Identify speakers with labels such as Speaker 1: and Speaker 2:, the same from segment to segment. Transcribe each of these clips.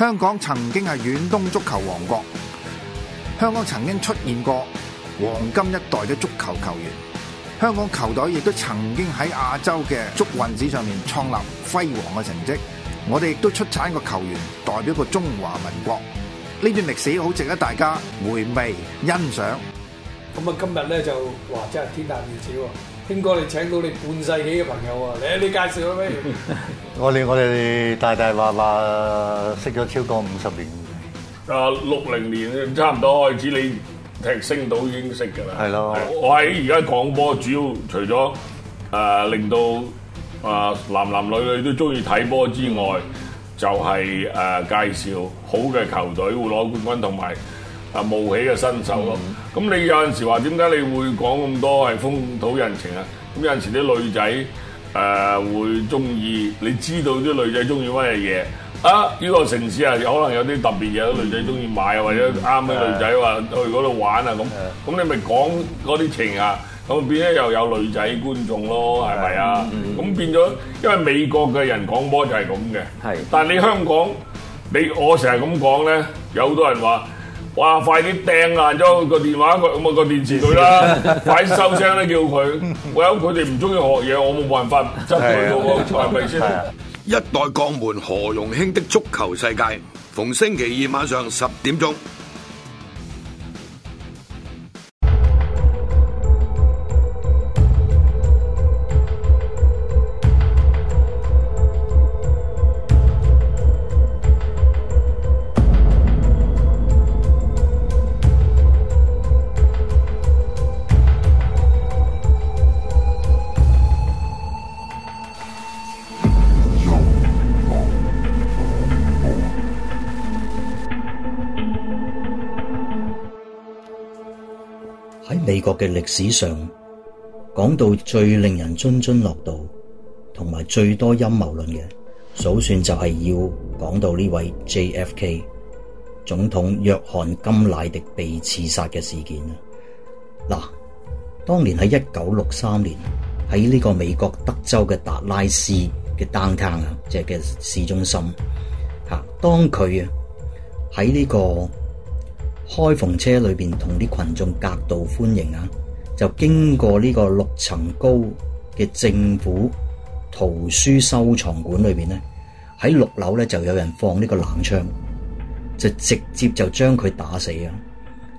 Speaker 1: 香港曾經係遠東足球王國，香港曾經出現過黃金一代的足球球員，香港球隊亦都曾經喺亞洲嘅足運史上面創立輝煌嘅成績。我哋亦都出產個球員代表過中華民國，呢段歷史好值得大家回味欣賞。
Speaker 2: 咁啊，今日咧就話真係天塌地裂聽講你請到你半世紀嘅
Speaker 3: 朋友喎，嚟啊！你介紹啊，咩？我哋我哋大大話話識
Speaker 2: 咗超過五十年，啊六零年差唔多開始，你踢星島已經識㗎喇。係咯，我喺而家廣播主要除咗啊令到啊男男女女都中意睇波之外，就係誒介紹好嘅球隊會攞冠軍同埋，啊冒起嘅新手咯，咁、嗯、你有陣時話點解你會講咁多係風土人情啊？咁有陣時啲女仔誒、呃、會中意，你知道啲女仔中意乜嘢嘢啊？呢個城市啊，可能有啲特別嘢，女仔中意買、嗯、或者啱啲女仔話的去嗰度玩啊咁，咁的你咪講嗰啲情啊，咁變咗又有女仔觀眾咯，係咪啊？咁吧、嗯、變咗，因為美國嘅人講波就係咁嘅，係的但係你香港，你我成日咁講咧，有好多人話。哇！快啲掟爛咗個電話個個電視佢啦！ 快啲收聲啦！叫佢，我有佢哋唔中意學嘢，我冇辦法執佢。好冇，先。是的 一代鋼門何容興的足球世界，逢星期二晚上十點鐘。
Speaker 4: 美國嘅歷史上講到最令人津津樂道，同埋最多陰謀論嘅首算，就係要講到呢位 JFK 總統約翰甘迺迪被刺殺嘅事件啦。嗱，當年喺一九六三年喺呢個美國德州嘅達拉斯嘅 downtown 啊，即係嘅市中心吓，當佢啊喺呢個。開篷車裏邊同啲群眾夾道歡迎啊！就經過呢個六層高嘅政府圖書收藏館裏邊咧，喺六樓咧就有人放呢個冷槍，就直接就將佢打死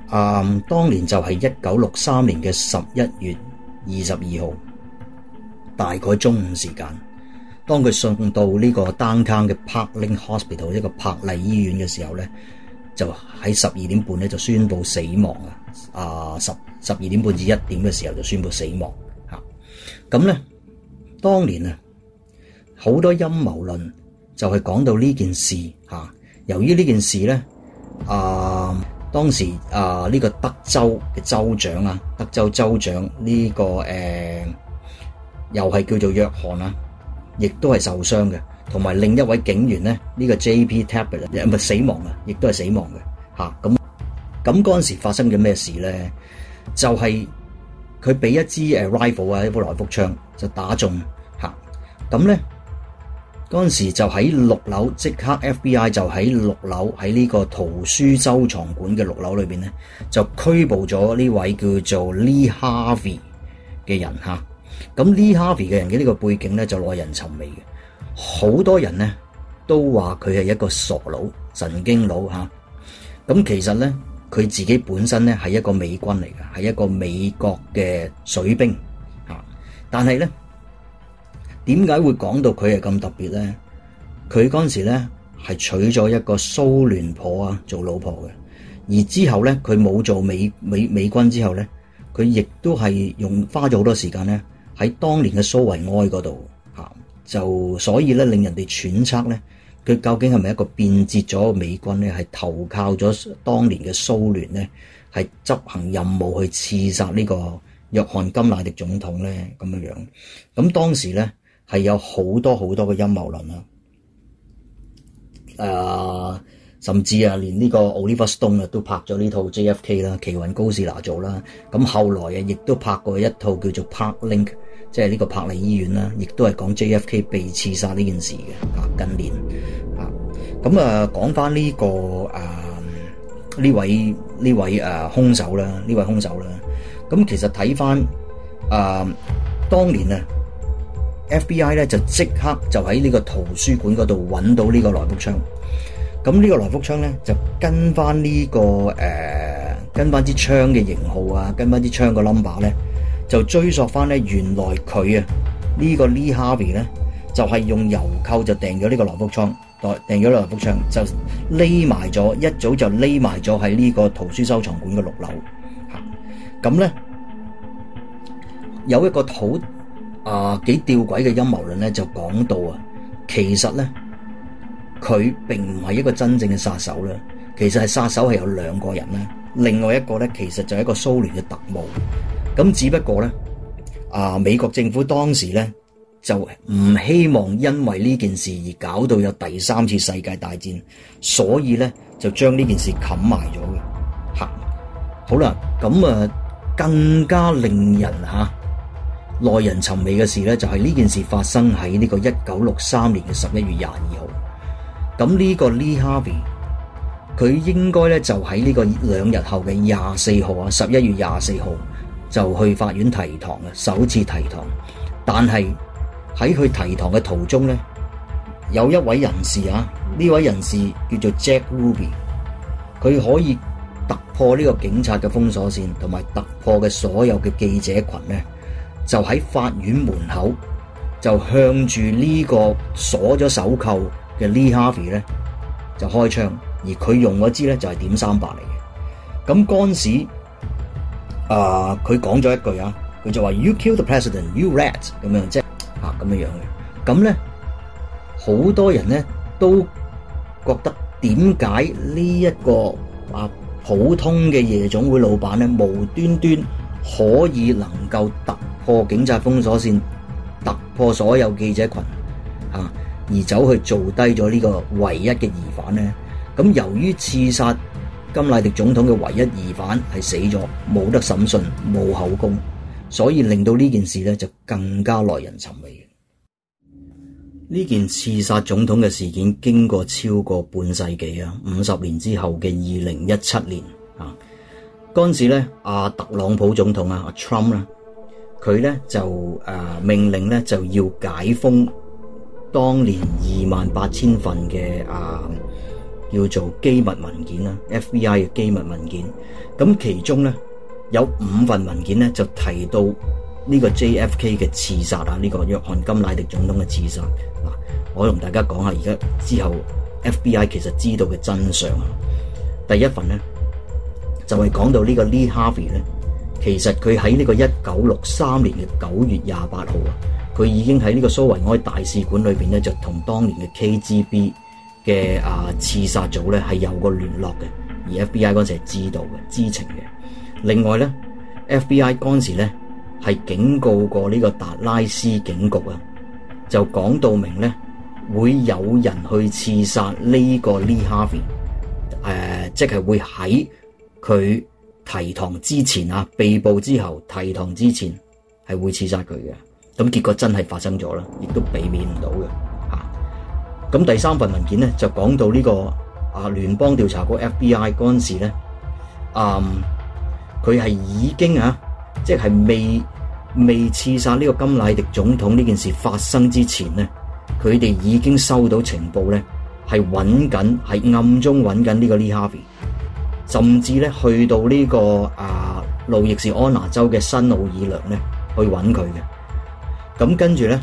Speaker 4: 啊！啊，當年就係一九六三年嘅十一月二十二號，大概中午時間，當佢送到呢個丹坑嘅 Parkland Hospital 一個柏麗醫院嘅時候咧。就喺十二點半咧就宣布死亡啊！啊，十十二點半至一點嘅時候就宣布死亡吓，咁咧當年啊好多陰謀論就係講到呢件事吓，由於呢件事咧，啊當時啊呢個德州嘅州長啊，德州州長呢、這個誒、啊、又係叫做約翰啊，亦都係受傷嘅。同埋另一位警員咧，呢、呢個 J.P.Tabler 係死亡啊，亦都係死亡嘅吓。咁咁嗰陣時發生咗咩事咧？就係佢俾一支誒 rifle 啊，一部來福槍就打中吓。咁咧嗰陣時就喺六樓，即刻 F.B.I 就喺六樓喺呢個圖書收藏館嘅六樓裏邊咧，就拘捕咗呢位叫做 Lee Harvey 嘅人吓。咁、啊、Lee Harvey 嘅人嘅呢個背景咧，就耐人尋味嘅。好多人咧都話佢係一個傻佬、神經佬吓，咁其實咧佢自己本身咧係一個美軍嚟㗎，係一個美國嘅水兵吓，但係咧點解會講到佢係咁特別咧？佢嗰陣時咧係娶咗一個蘇聯婆啊做老婆嘅，而之後咧佢冇做美美美軍之後咧，佢亦都係用花咗好多時間咧喺當年嘅蘇維埃嗰度。就所以咧，令人哋揣測咧，佢究竟係咪一個變節咗美軍咧，係投靠咗當年嘅蘇聯咧，係執行任務去刺殺呢個約翰甘迺迪總統咧，咁樣樣。咁當時咧係有好多好多嘅陰謀論啦，誒、呃，甚至啊，連呢個 Oliver Stone 啊都拍咗呢套 JFK 啦，奇雲高士拿做啦。咁後來啊，亦都拍過一套叫做 Park Link。即係呢個柏利醫院啦，亦都係講 JFK 被刺殺呢件事嘅。近年啊，咁、呢個、啊講翻呢個啊呢位呢位啊兇手啦，呢位兇手啦。咁、啊、其實睇翻啊，當年啊 FBI 咧就即刻就喺呢個圖書館嗰度揾到呢個萊福槍。咁呢個萊福槍咧就跟翻呢、呢個誒跟翻支槍嘅型號啊，跟翻支槍個 number 咧。就追溯翻咧，原來佢啊呢個 Lee Harvey 咧，就係用郵購就訂咗呢個來福槍，訂咗來福槍就匿埋咗，一早就匿埋咗喺呢個圖書收藏館嘅六樓。咁咧有一個好啊幾吊詭嘅陰謀論咧，就講到啊，其實咧佢並唔係一個真正嘅殺手咧，其實係殺手係有兩個人咧，另外一個咧其實就係一個蘇聯嘅特務。咁只不過咧，啊美國政府當時咧就唔希望因為呢件事而搞到有第三次世界大戰，所以咧就將呢件事冚埋咗嘅。吓、啊，好啦，咁啊更加令人吓耐、啊、人尋味嘅事咧，就係、是、呢件事發生喺呢個一九六三年嘅十一月廿二號。咁呢個 Lee Harvey 佢應該咧就喺呢個兩日後嘅廿四號啊，十一月廿四號。就去法院提堂嘅，首次提堂。但係喺去提堂嘅途中咧，有一位人士啊，呢、嗯、位人士叫做 Jack Ruby，佢可以突破呢個警察嘅封鎖線，同埋突破嘅所有嘅記者群咧，就喺法院門口就向住呢個鎖咗手扣嘅 Lee Harvey 咧就開槍，而佢用嗰支咧就係點三八嚟嘅。嗰時！啊！佢講咗一句啊，佢就話：You killed the president, you rat 咁樣啫，嚇咁樣這樣嘅。咁咧，好多人咧都覺得點解呢一個啊普通嘅夜總會老闆咧，無端端可以能夠突破警察封鎖線，突破所有記者群，啊，而走去做低咗呢個唯一嘅疑犯咧？咁由於刺殺。甘迺迪總統嘅唯一疑犯係死咗，冇得審訊，冇口供，所以令到呢件事呢就更加耐人尋味。呢件刺殺總統嘅事件經過超過半世紀啊，五十年之後嘅二零一七年啊，嗰陣時咧阿特朗普總統啊阿 Trump 啦，佢呢就誒，命令呢就要解封當年二萬八千份嘅啊。叫做機密文件啦，FBI 嘅機密文件。咁其中咧有五份文件咧就提到呢個 JFK 嘅刺殺啊，呢個約翰甘迺迪總統嘅刺殺。嗱，我同大家講下而家之後 FBI 其實知道嘅真相啊。第一份咧就係講到呢個 Lee Harvey 咧，其實佢喺呢個一九六三年嘅九月廿八號啊，佢已經喺呢個蘇維埃大使館裏邊咧就同當年嘅 KGB 嘅啊，刺殺組咧係有個聯絡嘅，而 FBI 陣時係知道嘅、知情嘅。另外咧，FBI 陣時咧係警告過呢個達拉斯警局啊，就講到明咧會有人去刺殺呢個 Lee Harvey，誒，即係、呃就是、會喺佢提堂之前啊，被捕之後提堂之前係會刺殺佢嘅。咁結果真係發生咗啦，亦都避免唔到嘅。咁第三份文件咧就講到呢個啊聯邦調查局 FBI 嗰陣時咧，嗯佢係已經啊即係未未刺殺呢個甘迺迪總統呢件事發生之前咧，佢哋已經收到情報咧，係揾緊係暗中揾緊呢個 Lee Harvey，甚至咧去到呢個啊路易士安娜州嘅新奧爾良咧去揾佢嘅。咁、嗯、跟住咧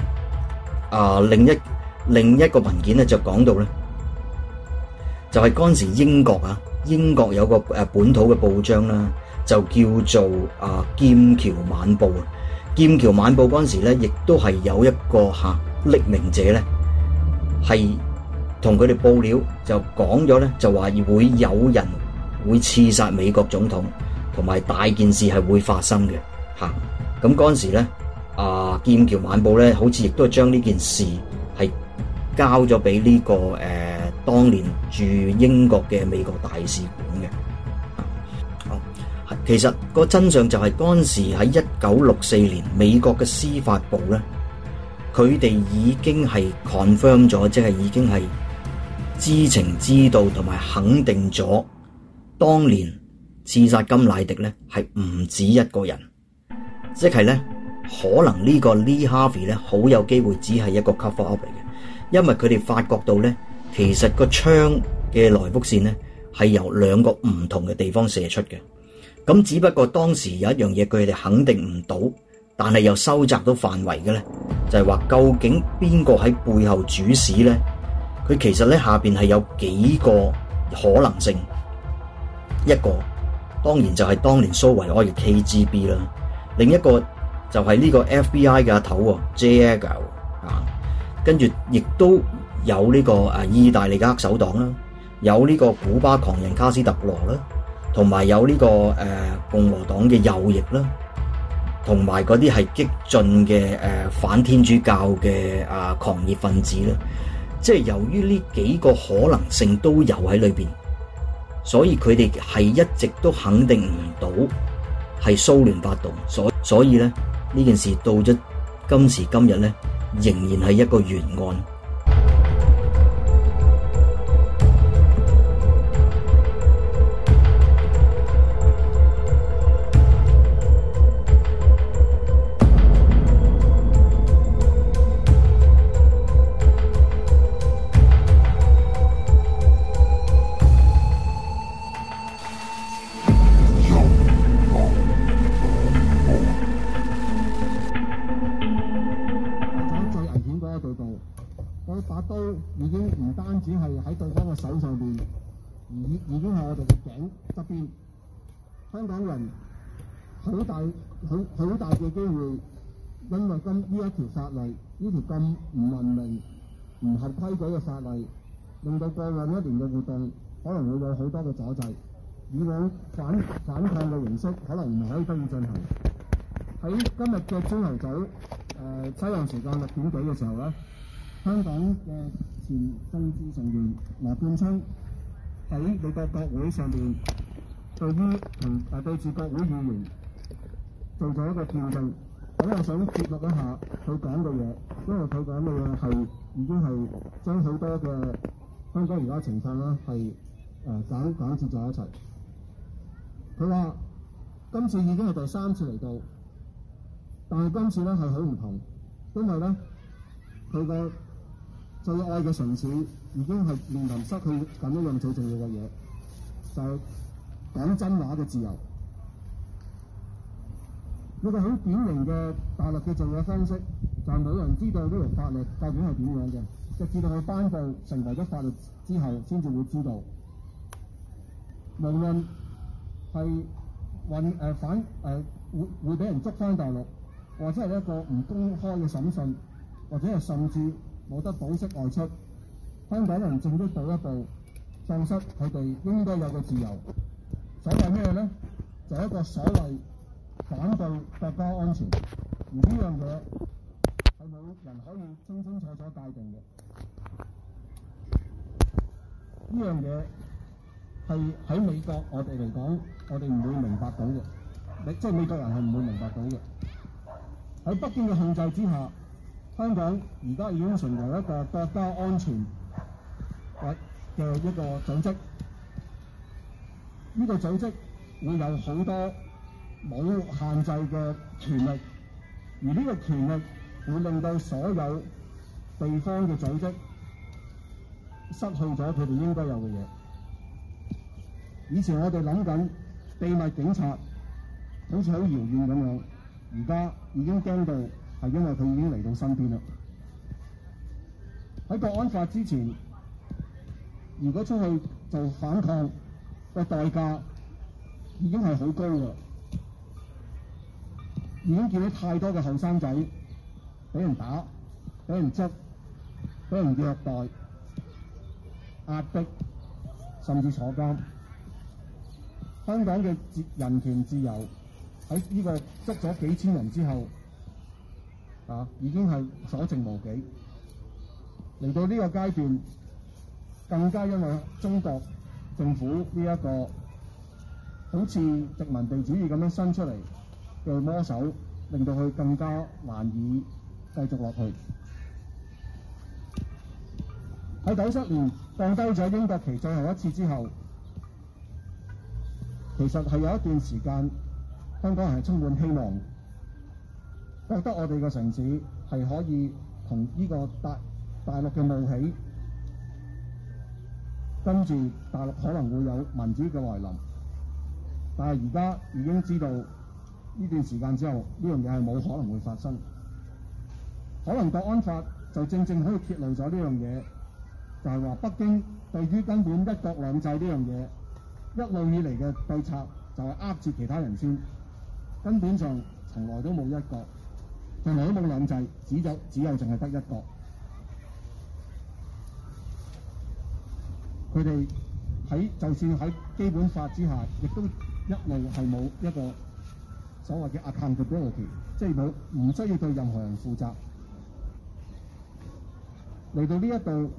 Speaker 4: 啊另一另一個文件咧就講到咧，就係嗰陣時英國啊，英國有個誒本土嘅報章啦，就叫做啊《劍橋晚報》啊，《劍橋晚報》嗰陣時咧，亦都係有一個嚇匿名者咧，係同佢哋報料，就講咗咧，就話會有人會刺殺美國總統，同埋大件事係會發生嘅嚇。咁嗰陣時咧，《啊劍橋晚報》咧，好似亦都係將呢件事，交咗俾呢個誒，當年駐英國嘅美國大使館嘅。哦，其實個真相就係嗰陣時喺一九六四年美國嘅司法部咧，佢哋已經係 confirm 咗，即係已經係知情知道同埋肯定咗，當年刺殺甘迺迪咧係唔止一個人，即係咧可能呢個 Lee Harvey 咧好有機會只係一個 cover up 嚟。因為佢哋發覺到咧，其實個槍嘅來福線咧係由兩個唔同嘅地方射出嘅。咁只不過當時有一樣嘢佢哋肯定唔到，但係又收集到範圍嘅咧，就係話究竟邊個喺背後主使咧？佢其實咧下邊係有幾個可能性。一個當然就係當年蘇維埃嘅 KGB 啦，另一個就係呢個 FBI 嘅阿頭 Jagger 啊。跟住，亦都有呢個誒意大利嘅黑手黨啦，有呢個古巴狂人卡斯特羅啦，同埋有呢個誒共和黨嘅右翼啦，同埋嗰啲係激進嘅誒反天主教嘅啊狂熱分子啦。即係由於呢幾個可能性都有喺裏邊，所以佢哋係一直都肯定唔到係蘇聯發動，所以所以咧呢件事到咗今時今日咧，仍然係一個懸案。
Speaker 5: 特別香港人好大好好大嘅機會，因為今呢一條殺例，呢條咁唔文明、唔合規矩嘅殺例，令到過往一年嘅活動可能會有好多嘅阻滯。以往反反抗嘅形式，可能唔可以得以進行。喺今日嘅朝頭早誒、淒、呃、涼時間六點幾嘅時候咧，香港嘅前政治成員羅冠聰。喺美國國會上面對於同啊、呃、對住國會議員做咗一個辯論，我又想揭露一下佢講嘅嘢，因為佢講嘅嘢係已經係將好多嘅香港而家嘅情況啦，係、呃、誒講講接在一齊。佢話今次已經係第三次嚟到，但係今次咧係好唔同，因為咧佢嘅最愛嘅城市，已經係面臨失去咁一樣最重要嘅嘢，就係、講真話嘅自由。一個好典型嘅大陸嘅做嘢方式，就係冇人知道呢條法律究竟係點樣嘅，直至到佢頒佈成為咗法律之後，先至會知道。無論係運誒反誒會會俾人捉翻大陸，或者係一個唔公開嘅審訊，或者係甚至冇得保釋外出。香港人正一步一步喪失佢哋應該有嘅自由，所謂咩咧？就係一個所謂反對國家安全，而呢樣嘢係冇人可以清清楚楚界定嘅。呢樣嘢係喺美國我哋嚟講，我哋唔會明白到嘅。你即係美國人係唔會明白到嘅。喺北京嘅控制之下，香港而家已經成為一個國家安全。嘅一個組織，呢個組織會有好多冇限制嘅權力，而呢個權力會令到所有地方嘅組織失去咗佢哋應該有嘅嘢。以前我哋諗緊秘密警察好似好遙遠咁樣，而家已經驚到係因為佢已經嚟到身邊啦。喺國安法之前。如果出去做反抗，個代價已經係好高㗎啦，已經見到太多嘅後生仔俾人打、俾人捉、俾人虐待、壓迫，甚至坐監。香港嘅人權自由喺呢個捉咗幾千人之後，啊，已經係所剩無幾，嚟到呢個階段。更加因為中國政府呢一個好似殖民地主義咁樣伸出嚟嘅魔手，令到佢更加難以繼續落去。喺九七年放低咗英國旗最後一次之後，其實係有一段時間香港人係充滿希望，覺得我哋嘅城市係可以同呢個大大陸嘅冒起。跟住大陸可能會有民主嘅來臨，但係而家已經知道呢段時間之後，呢樣嘢係冇可能會發生的。可能國安法就正正可以揭露咗呢樣嘢，就係話北京對於根本一國兩制呢樣嘢一路以嚟嘅對策就係呃住其他人先，根本上從來都冇一國，從來都冇兩制，只有只有淨係得一國。佢哋喺就算喺基本法之下，亦都一路係冇一個所謂嘅 accountability，即係冇，唔需要對任何人負責。嚟到呢一度，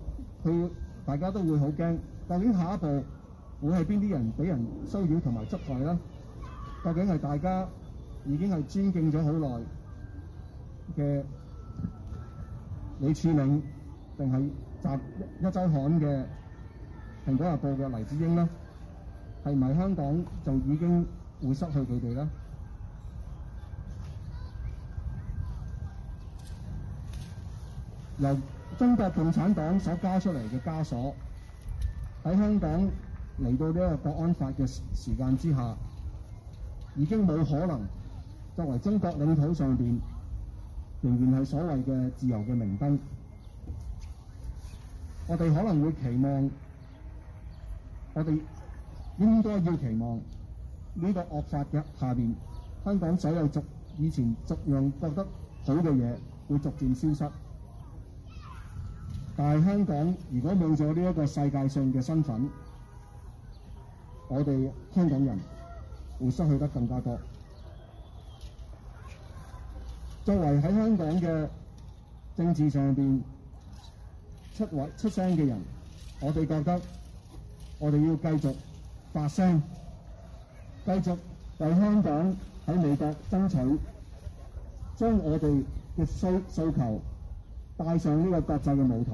Speaker 5: 佢大家都會好驚，究竟下一步會係邊啲人俾人騷擾同埋質疑咧？究竟係大家已經係尊敬咗好耐嘅李柱銘定係集一週刊嘅？成百人過嘅黎智英呢，係咪香港就已經會失去佢哋咧？由中國共產黨所加出嚟嘅枷鎖，喺香港嚟到呢個國安法嘅時間之下，已經冇可能作為中國領土上邊，仍然係所謂嘅自由嘅明燈。我哋可能會期望。我哋應該要期望呢個惡法嘅下面，香港所有族以前逐用覺得好嘅嘢會逐漸消失。但係香港如果冇咗呢一個世界上嘅身份，我哋香港人會失去得更加多。作為喺香港嘅政治上邊出位出聲嘅人，我哋覺得。我哋要繼續發聲，繼續為香港喺美國爭取，將我哋嘅訴求帶上呢個國際嘅舞台。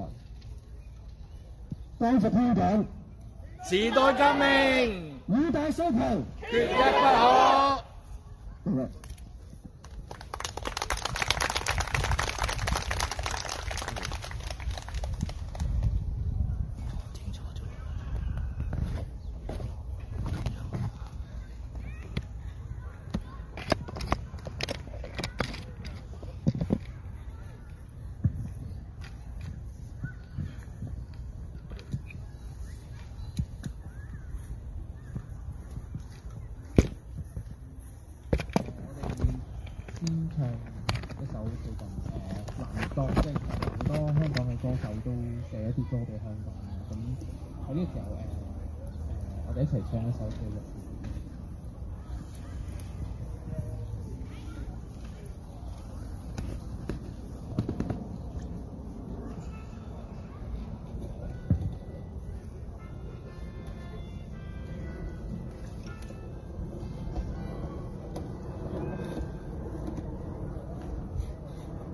Speaker 5: 當屬香港時代
Speaker 6: 革命
Speaker 5: 五大訴求，
Speaker 6: 缺一不
Speaker 5: 可。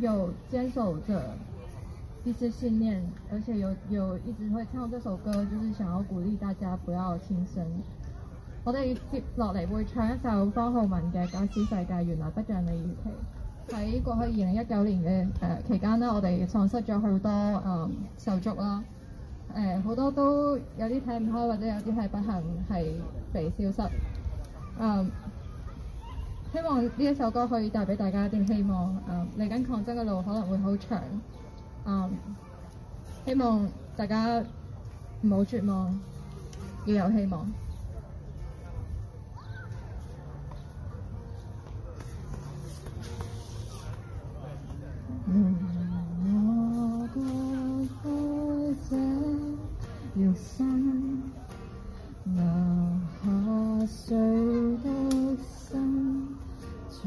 Speaker 7: 有堅守着一些信念，而且有有一直會唱這首歌，就是想要鼓勵大家不要輕生。我哋接落嚟會唱一首方浩文嘅《假使世界原來不像你預期》。喺 過去二零一九年嘅誒、呃、期間呢，我哋喪失咗好多誒手足啦，誒、呃、好多都有啲睇唔開，或者有啲係不幸係被消失。嗯。希望呢一首歌可以帶俾大家一啲希望。誒、嗯，嚟緊抗爭嘅路可能會好長，嗯。希望大家唔好絕望，要有希望。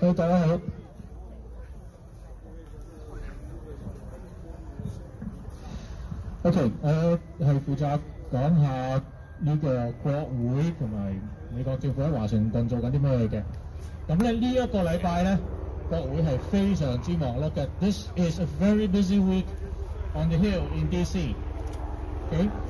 Speaker 5: 好，大家好。
Speaker 3: OK，我係負責講下呢個國會同埋美國政府喺華盛頓做緊啲咩嘅。咁咧呢一個禮拜咧，國會係非常之忙碌嘅。This is a very busy week on the Hill in DC。OK。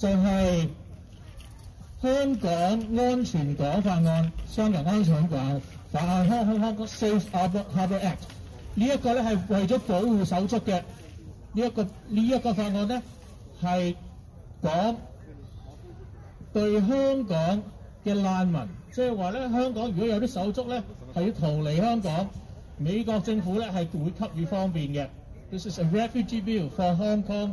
Speaker 3: 就係香港安全港法案、雙人安全港法案、香香香港 Safe Harbor Act，呢一個咧係為咗保護手足嘅呢一個呢一個法案咧，係講對香港嘅難民，即係話咧，香港如果有啲手足咧，係要逃離香港，美國政府咧，係會給予方便嘅。This is a refugee bill for Hong Kong.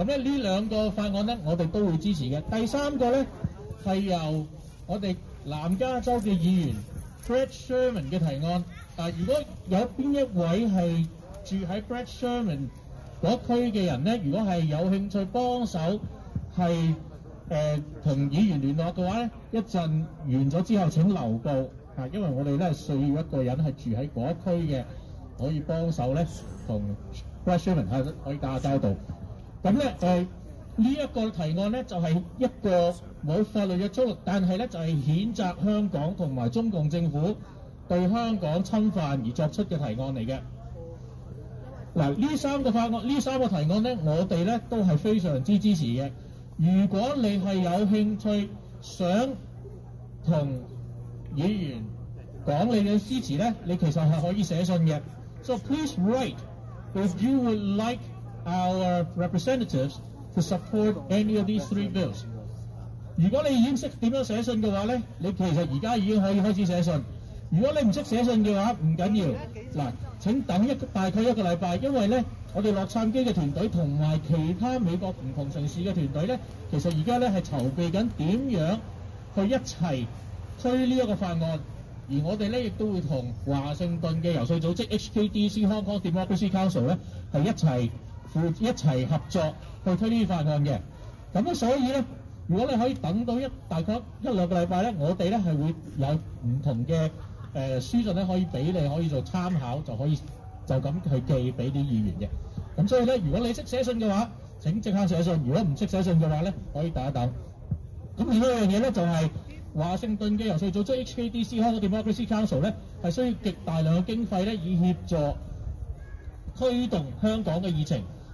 Speaker 3: 咁咧呢兩個法案咧，我哋都會支持嘅。第三個咧係由我哋南加州嘅議員 Brad Sherman 嘅提案。但如果有邊一位係住喺 Brad Sherman 嗰區嘅人咧，如果係有興趣幫手，係誒同議員聯絡嘅話咧，一陣完咗之後請留步啊，因為我哋咧需要一個人係住喺嗰一區嘅，可以幫手咧同 Brad Sherman 度可以打交道。咁咧就呢、呃、一個提案咧，就係、是、一個冇法律嘅足，但係咧就係、是、譴責香港同埋中共政府對香港侵犯而作出嘅提案嚟嘅。嗱，呢三個法案，呢三個提案咧，我哋咧都係非常之支持嘅。如果你係有興趣想同議員講你嘅詩詞咧，你其實係可以寫信嘅。So please write if you would like. our representatives to support any of these three bills。如果你已經識點樣寫信嘅話咧，你其實而家已經可以開始寫信。如果你唔識寫信嘅話，唔緊要嗱，請等一大概一個禮拜，因為咧，我哋洛杉磯嘅團隊同埋其他美國唔同城市嘅團隊咧，其實而家咧係籌備緊點樣去一齊推呢一個法案，而我哋咧亦都會同華盛頓嘅遊說組織 HKDC Hong Kong Democracy Council 咧係一齊。一齊合作去推呢啲法案嘅，咁所以咧，如果你可以等到一大概一兩個禮拜咧，我哋咧係會有唔同嘅誒、呃、書信咧可以俾你，可以做參考，就可以就咁去寄俾啲議員嘅。咁所以咧，如果你識寫信嘅話，請即刻寫信；如果唔識寫信嘅話咧，可以等一等。咁另一樣嘢咧就係、是、華盛頓嘅遊說組織 HKDC，Hong Kong Democracy Council 咧，係需要極大量嘅經費咧，以協助推動香港嘅議程。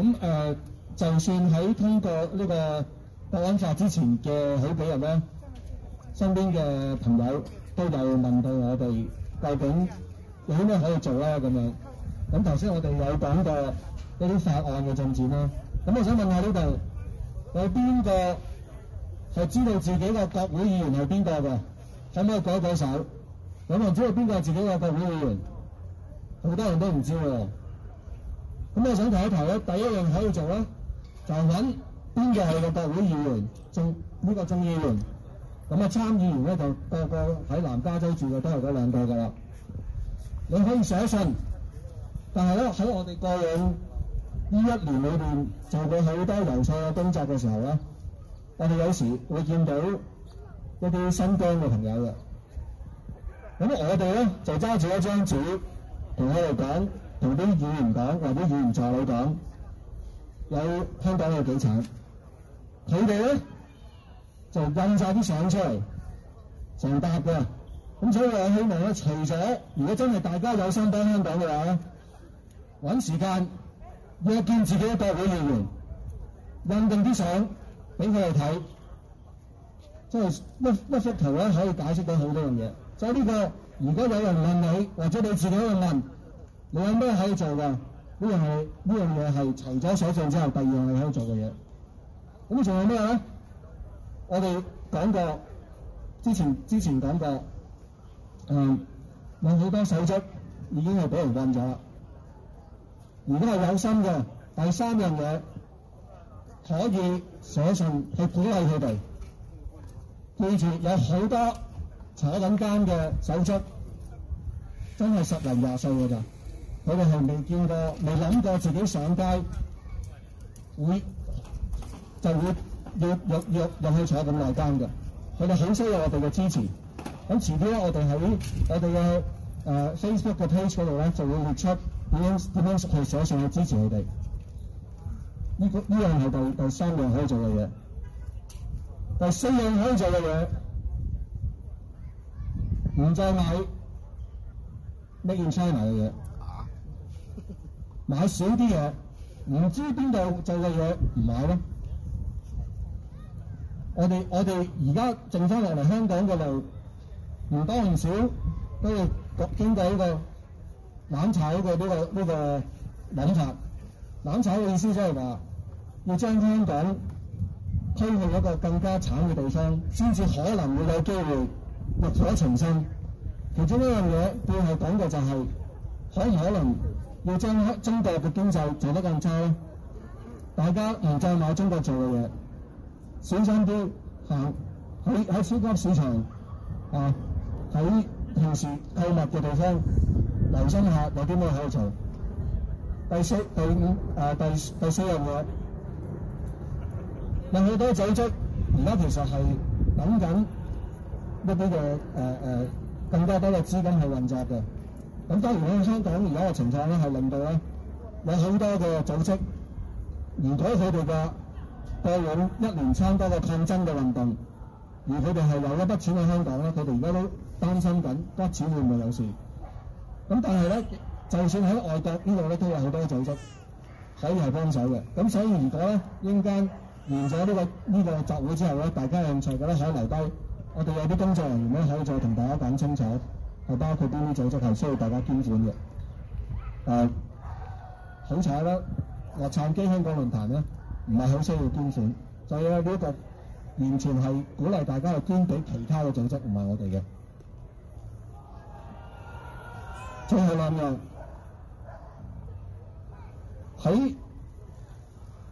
Speaker 5: 咁、嗯呃、就算喺通過呢個法案之前嘅好幾日咧，身邊嘅朋友都有問到我哋究竟有啲咩可以做啦、啊，咁樣。咁頭先我哋有講過一啲法案嘅進展啦。咁、嗯、我想問下呢度有邊個係知道自己嘅國會議員係邊個㗎？請你舉舉手。咁、嗯、唔知道邊個係自己嘅國會議員，好多人都唔知喎。咁、嗯、我想提一提咧，第一樣喺度做咧，就揾邊個係個國會議員，眾呢個眾議員，咁啊參議員咧就個個喺南加州住嘅都係兩個噶啦。你可以寫信，但係咧喺我哋過往呢一年裏邊做過好多遊說工作嘅時候咧，我哋有時會見到一啲新疆嘅朋友嘅。咁我哋咧就揸住一張紙同佢哋講。同啲議員講，或者議員助理講，有香港有幾慘，佢哋咧就印晒啲相出嚟，成沓㗎。咁所以我希望咧，除咗如果真係大家有心幫香港嘅話，揾時間約見自己嘅代表議員，印定啲相俾佢哋睇，即係乜乜幅圖咧可以解釋到好多樣嘢。就呢、呢個，如果有人問你，或者你自己去問。你有咩可以做㗎？呢樣係，呢樣嘢係除咗寫信之後，第二樣係可以做嘅嘢。咁仲有咩咧？我哋講過，之前之前講過，誒有好多手足已經係俾人韞咗。如果係有心嘅，第三樣嘢可以寫信去鼓勵佢哋。記住，有好多坐緊監嘅手足，真係十零廿歲㗎咋。我哋係未見過，未諗過自己上街會就會要入入入去坐咁耐監嘅。佢哋好需要我哋嘅支持。咁遲啲咧，我哋喺我哋嘅誒 Facebook 嘅 page 嗰度咧，就會列出點樣點樣去所上去支持佢哋。呢、呢個呢樣係第第三樣可以做嘅嘢。第四樣可以做嘅嘢，唔再買 made in China 嘅嘢。買少啲嘢，唔知邊度做嘅嘢唔買咯。我哋我哋而家剩翻落嚟香港嘅路唔多唔少都要經過呢個攬炒呢個呢、那個呢個攬炒。攬炒嘅意思即係話要將香港推去一個更加慘嘅地方，先至可能會有機會浴火重生。其中一樣嘢背後講嘅就係、是、可唔可能？要將我中國嘅經濟做得更差咧，大家唔再買中國做嘅嘢，小心啲行喺喺超級市場啊，喺平時購物嘅地方留心下有啲咩可以做。第四、第五誒第四樣嘢，有好多組織而家其實係等緊一啲嘅誒誒，更加多嘅資金去運作嘅。咁當然喺香港而家嘅情況咧，係令到咧有好多嘅組織，如果佢哋嘅嘅過往一年參加嘅抗爭嘅運動，而佢哋係有一筆錢喺香港咧，佢哋而家都擔心緊筆錢會唔會有事。咁但係咧，就算喺外國呢度咧，都有好多組織可以係幫手嘅。咁所以如果咧應間完咗呢個呢個集會之後咧，大家有興趣覺得可以留低，我哋有啲工作人員咧可以再同大家講清楚。係包括邊啲組織係需要大家捐款嘅，但係好彩啦，立撐機香港論壇咧唔係好需要捐款，就係呢一個完全係鼓勵大家去捐俾其他嘅組織，唔係我哋嘅。最後兩日喺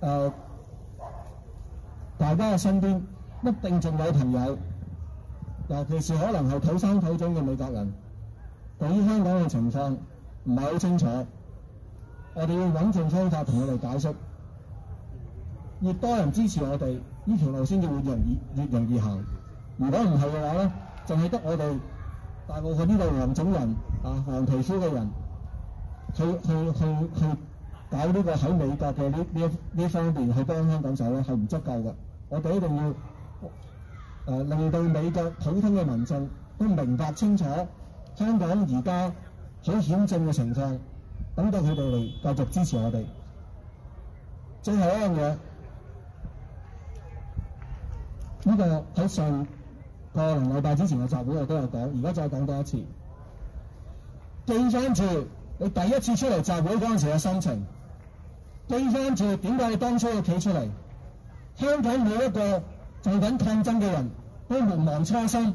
Speaker 5: 誒大家嘅身邊一定仲有朋友，尤其是可能係土生土長嘅美籍人。對於香港嘅情況唔係好清楚，我哋要搵盡方法同佢哋解釋。越多人支持我哋，呢條路先至會易越容易行。如果唔係嘅話咧，淨係得我哋大部分呢度黃種人啊、黃皮膚嘅人去去去去搞呢個喺美國嘅呢呢呢方面去幫香港手咧，係唔足夠嘅。我哋一定要誒、呃、令到美國普通嘅民眾都明白清楚。香港而家好險峻嘅情況，等到佢哋嚟繼續支持我哋。最後一樣嘢，呢、這個喺上個禮拜之前嘅集會我都有講，而家再講多一次，記翻住你第一次出嚟集會嗰陣時嘅心情，記翻住點解你當初要企出嚟，香港每一個做緊抗爭嘅人都不忘初心。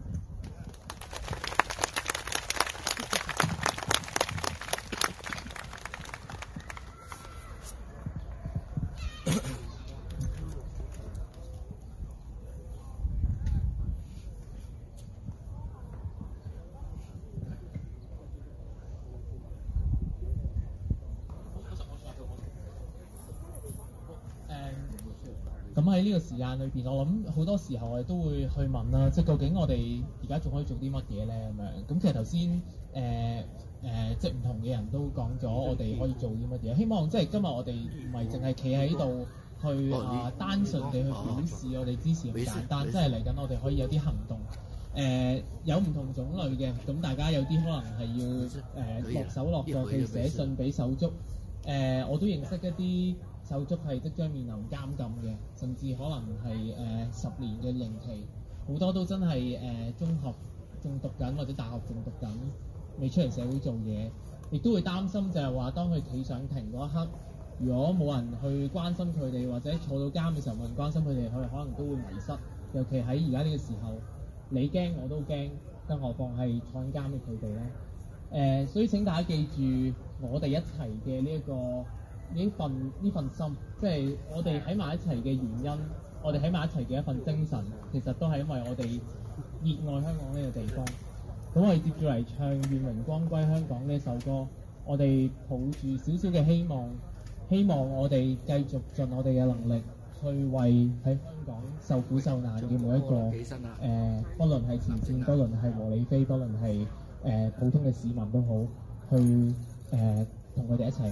Speaker 1: 時間裏邊，我諗好多時候我哋都會去問啦，即係究竟我哋而家仲可以做啲乜嘢咧？咁樣，咁其實頭先誒誒，即係唔同嘅人都講咗，我哋可以做啲乜嘢？希望即係今日我哋唔係淨係企喺度去啊，單純地去表示我哋支持咁簡單，即係嚟緊我哋可以有啲行動。誒、呃，有唔同種類嘅，咁大家有啲可能係要落、呃、手落腳去寫信俾手足。誒、呃，我都認識一啲。手足係即將面臨監禁嘅，甚至可能係誒、呃、十年嘅刑期。好多都真係誒、呃、中學仲讀緊，或者大學仲讀緊，未出嚟社會做嘢，亦都會擔心，就係話當佢企上庭嗰一刻，如果冇人去關心佢哋，或者坐到監嘅時候冇人關心佢哋，佢哋可能都會迷失。尤其喺而家呢個時候，你驚我都驚，更何況係坐緊監嘅佢哋咧。誒、呃，所以請大家記住，我哋一齊嘅呢一個。呢份呢份心，即係我哋喺埋一齊嘅原因，我哋喺埋一齊嘅一份精神，其實都係因為我哋熱愛香港呢個地方。咁我哋接住嚟唱《願榮光歸香港》呢首歌，我哋抱住少少嘅希望，希望我哋繼續盡我哋嘅能力去為喺香港受苦受難嘅每一個，誒、呃，不論係前線，不論係和理非，不論係誒、呃、普通嘅市民都好，去誒同佢哋一齊。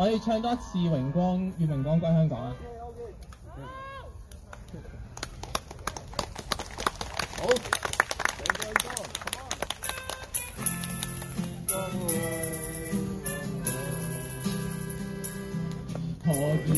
Speaker 1: 我要唱多一次《榮光》《願榮光歸香港》啊！
Speaker 8: 好。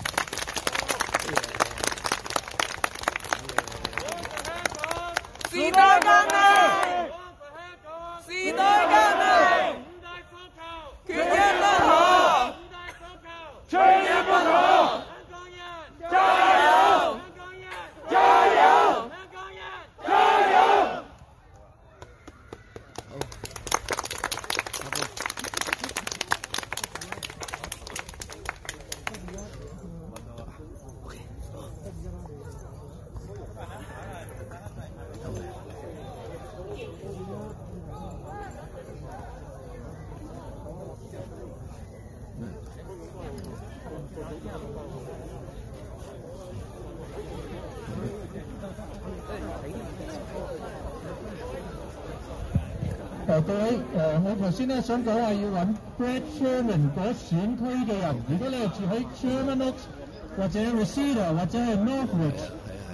Speaker 3: 呃、各位，誒、呃，我頭先咧想講話要揾 Brad Sherman 嗰選區嘅人。如果你住喺 Sherman Oaks 或者 Reseda 或者係 Northridge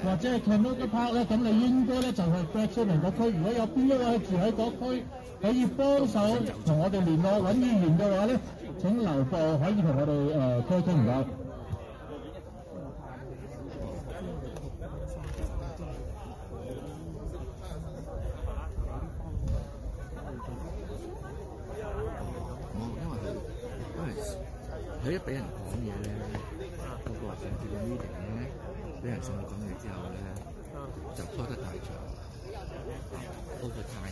Speaker 3: 或者係 Canoga Park 咧，咁你應該呢就係 Brad Sherman 嗰區。如果有邊一位住喺嗰區，可以幫手同我哋聯絡揾議員嘅話呢，請留步，可以同我哋誒溝通，唔該。呃區區一俾人講嘢咧，包括上次嘅 meeting 咧，被人送去講嘢之後呢，
Speaker 6: 就拖得太長了，拖得太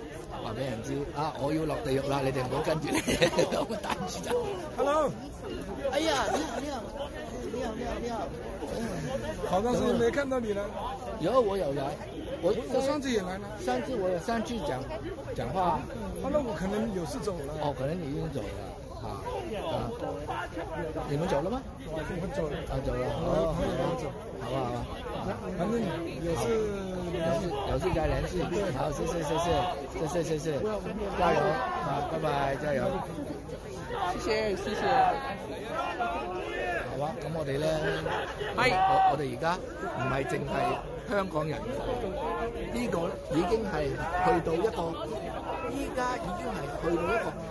Speaker 1: 話俾、啊、人知啊！我要落地獄啦，你哋唔好跟住嚟，我打唔住㗎。Hello，哎
Speaker 9: 呀，你好你好你好你好
Speaker 5: 你好唉好長時間沒看到你了。有我有來，我我上次也來了，上次我有上去講
Speaker 6: 講話、啊。那我可
Speaker 1: 能有事走了。哦，可能你已經走了。
Speaker 6: 啊啊！你們走了嗎？
Speaker 1: 走啦，走啦，走，好不好？
Speaker 6: 反正也是，有事，有事再聯繫。好，謝謝，謝謝，
Speaker 1: 謝謝，謝謝，加油！好，拜拜，加油！謝謝，謝謝。好啊，咁我哋咧，係我我哋而家唔係淨係香港人扛，呢個已經係去到一個，依家已經係去到一個。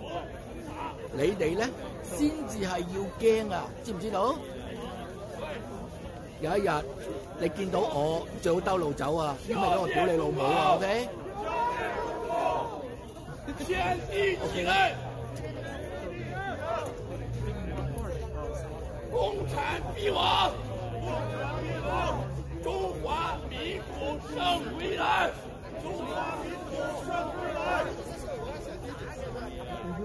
Speaker 1: 你哋咧，先至係要驚啊！知唔知道？
Speaker 6: 有
Speaker 1: 一日你見到我，最好兜路走啊！因為我屌你老母啊，OK？